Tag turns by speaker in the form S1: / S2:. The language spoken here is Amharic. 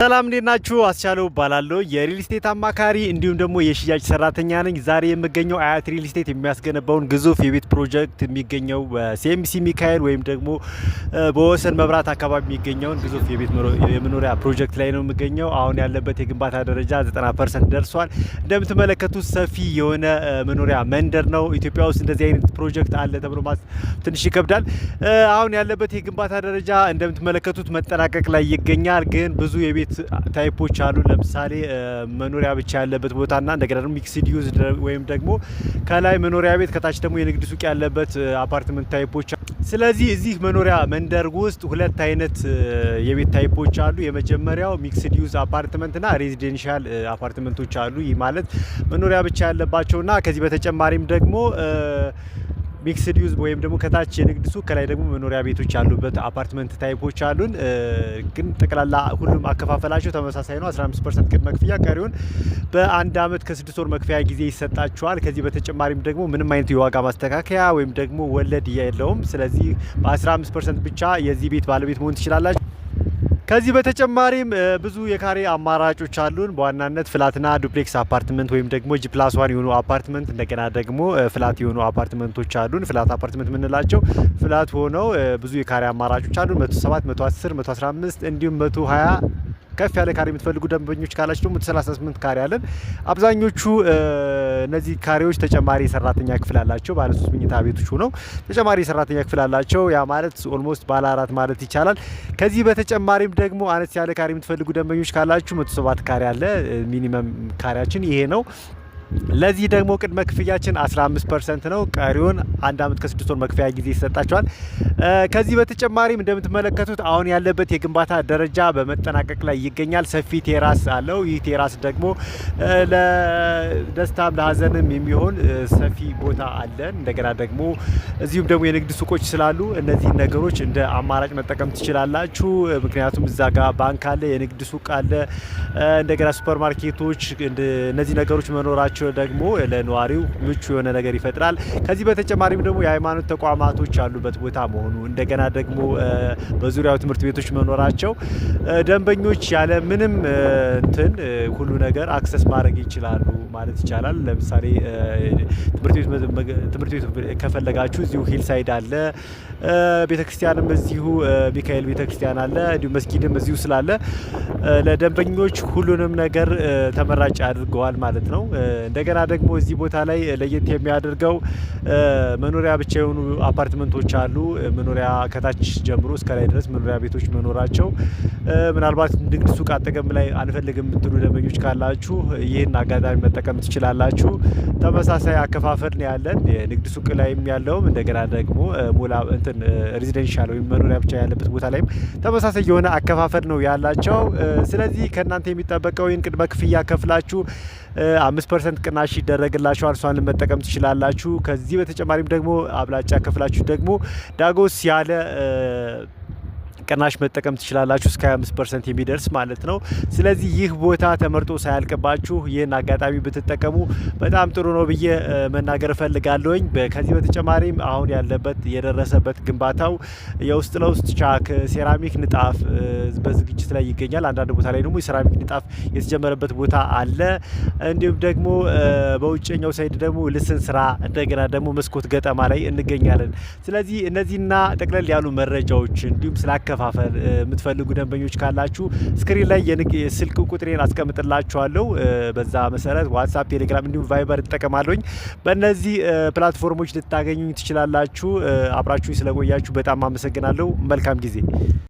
S1: ሰላም እንዴት ናችሁ? አስቻለው እባላለሁ የሪል ስቴት አማካሪ እንዲሁም ደግሞ የሽያጭ ሰራተኛ ነኝ። ዛሬ የምገኘው አያት ሪል ስቴት የሚያስገነባውን ግዙፍ የቤት ፕሮጀክት የሚገኘው በሲኤምሲ ሚካኤል ወይም ደግሞ በወሰን መብራት አካባቢ የሚገኘውን ግዙፍ የቤት የመኖሪያ ፕሮጀክት ላይ ነው የምገኘው። አሁን ያለበት የግንባታ ደረጃ 90 ፐርሰንት ደርሷል። እንደምትመለከቱት ሰፊ የሆነ መኖሪያ መንደር ነው። ኢትዮጵያ ውስጥ እንደዚህ አይነት ፕሮጀክት አለ ተብሎ ትንሽ ይከብዳል። አሁን ያለበት የግንባታ ደረጃ እንደምትመለከቱት መጠናቀቅ ላይ ይገኛል። ግን ብዙ የቤት የቤት ታይፖች አሉ። ለምሳሌ መኖሪያ ብቻ ያለበት ቦታና እንደገና ደግሞ ሚክስድ ዩዝ ወይም ደግሞ ከላይ መኖሪያ ቤት ከታች ደግሞ የንግድ ሱቅ ያለበት አፓርትመንት ታይፖች። ስለዚህ እዚህ መኖሪያ መንደር ውስጥ ሁለት አይነት የቤት ታይፖች አሉ። የመጀመሪያው ሚክስድ ዩዝ አፓርትመንትና ሬዚደንሻል አፓርትመንቶች አሉ። ይህ ማለት መኖሪያ ብቻ ያለባቸውና ከዚህ በተጨማሪም ደግሞ ሚክስድ ዩዝ ወይም ደግሞ ከታች የንግድ ሱቅ ከላይ ደግሞ መኖሪያ ቤቶች ያሉበት አፓርትመንት ታይፖች አሉን። ግን ጠቅላላ ሁሉም አከፋፈላቸው ተመሳሳይ ነው። 15 ፐርሰንት ቅድመ ክፍያ፣ ቀሪውን በአንድ አመት ከስድስት ወር መክፈያ ጊዜ ይሰጣቸዋል። ከዚህ በተጨማሪም ደግሞ ምንም አይነት የዋጋ ማስተካከያ ወይም ደግሞ ወለድ የለውም። ስለዚህ በ15 ፐርሰንት ብቻ የዚህ ቤት ባለቤት መሆን ትችላላችሁ። ከዚህ በተጨማሪም ብዙ የካሬ አማራጮች አሉን። በዋናነት ፍላትና ዱፕሌክስ አፓርትመንት ወይም ደግሞ ጂ ፕላስ ዋን የሆኑ አፓርትመንት እንደገና ደግሞ ፍላት የሆኑ አፓርትመንቶች አሉን። ፍላት አፓርትመንት የምንላቸው ፍላት ሆነው ብዙ የካሬ አማራጮች አሉን። 107፣ 110፣ 115 እንዲሁም 120 ከፍ ያለ ካሬ የምትፈልጉ ደንበኞች ካላችሁ ደግሞ 38 ካሬ አለን። አብዛኞቹ እነዚህ ካሬዎች ተጨማሪ የሰራተኛ ክፍል አላቸው። ባለ ሶስት መኝታ ቤቶች ሆነው ተጨማሪ የሰራተኛ ክፍል አላቸው። ያ ማለት ኦልሞስት ባለ አራት ማለት ይቻላል። ከዚህ በተጨማሪም ደግሞ አነስ ያለ ካሬ የምትፈልጉ ደንበኞች ካላችሁ 107 ካሬ አለ። ሚኒመም ካሬያችን ይሄ ነው። ለዚህ ደግሞ ቅድመ ክፍያችን 15 ፐርሰንት ነው። ቀሪውን አንድ አመት ከስድስት ወር መክፈያ ጊዜ ይሰጣቸዋል። ከዚህ በተጨማሪም እንደምትመለከቱት አሁን ያለበት የግንባታ ደረጃ በመጠናቀቅ ላይ ይገኛል። ሰፊ ቴራስ አለው። ይህ ቴራስ ደግሞ ለደስታም ለሀዘንም የሚሆን ሰፊ ቦታ አለን። እንደገና ደግሞ እዚሁም ደግሞ የንግድ ሱቆች ስላሉ እነዚህ ነገሮች እንደ አማራጭ መጠቀም ትችላላችሁ። ምክንያቱም እዛ ጋር ባንክ አለ፣ የንግድ ሱቅ አለ፣ እንደገና ሱፐርማርኬቶች እነዚህ ነገሮች መኖራቸው ደግሞ ለነዋሪው ምቹ የሆነ ነገር ይፈጥራል። ከዚህ በተጨማሪም ደግሞ የሃይማኖት ተቋማቶች ያሉበት ቦታ መሆኑ እንደገና ደግሞ በዙሪያው ትምህርት ቤቶች መኖራቸው ደንበኞች ያለ ምንም እንትን ሁሉ ነገር አክሰስ ማድረግ ይችላሉ። ማለት ይቻላል። ለምሳሌ ትምህርት ቤት ከፈለጋችሁ እዚሁ ሂልሳይድ አለ፣ ቤተክርስቲያንም እዚሁ ሚካኤል ቤተክርስቲያን አለ፣ እንዲሁም መስጊድም እዚሁ ስላለ ለደንበኞች ሁሉንም ነገር ተመራጭ አድርገዋል ማለት ነው። እንደገና ደግሞ እዚህ ቦታ ላይ ለየት የሚያደርገው መኖሪያ ብቻ የሆኑ አፓርትመንቶች አሉ። መኖሪያ ከታች ጀምሮ እስከ ላይ ድረስ መኖሪያ ቤቶች መኖራቸው ምናልባት ንግድ ሱቅ አጠገም ላይ አንፈልግም የምትሉ ደንበኞች ካላችሁ ይህን አጋጣሚ መጠቀም መጠቀም ትችላላችሁ። ተመሳሳይ አከፋፈል ነው ያለን የንግድ ሱቅ ላይም ያለውም እንደገና ደግሞ ሙላ እንትን ሬዚደንሻል ወይም መኖሪያ ብቻ ያለበት ቦታ ላይም ተመሳሳይ የሆነ አከፋፈል ነው ያላቸው። ስለዚህ ከእናንተ የሚጠበቀው ይህን ቅድመ ክፍያ ከፍላችሁ አምስት ፐርሰንት ቅናሽ ይደረግላችኋል። እሷን መጠቀም ትችላላችሁ። ከዚህ በተጨማሪም ደግሞ አብላጫ ከፍላችሁ ደግሞ ዳጎስ ያለ ቅናሽ መጠቀም ትችላላችሁ እስከ 25 ፐርሰንት የሚደርስ ማለት ነው። ስለዚህ ይህ ቦታ ተመርጦ ሳያልቅባችሁ ይህን አጋጣሚ ብትጠቀሙ በጣም ጥሩ ነው ብዬ መናገር እፈልጋለሁኝ። ከዚህ በተጨማሪም አሁን ያለበት የደረሰበት ግንባታው የውስጥ ለውስጥ ቻክ፣ ሴራሚክ ንጣፍ በዝግጅት ላይ ይገኛል። አንዳንድ ቦታ ላይ ደግሞ የሴራሚክ ንጣፍ የተጀመረበት ቦታ አለ። እንዲሁም ደግሞ በውጭኛው ሳይድ ደግሞ ልስን ስራ እንደገና ደግሞ መስኮት ገጠማ ላይ እንገኛለን። ስለዚህ እነዚህና ጠቅለል ያሉ መረጃዎች እንዲሁም ስላከፋ ለመከፋፈል የምትፈልጉ ደንበኞች ካላችሁ ስክሪን ላይ የስልክ ቁጥሬን አስቀምጥላችኋለሁ። በዛ መሰረት ዋትሳፕ፣ ቴሌግራም እንዲሁም ቫይበር እጠቀማለሁኝ። በእነዚህ ፕላትፎርሞች ልታገኙኝ ትችላላችሁ። አብራችሁኝ ስለቆያችሁ በጣም አመሰግናለሁ። መልካም ጊዜ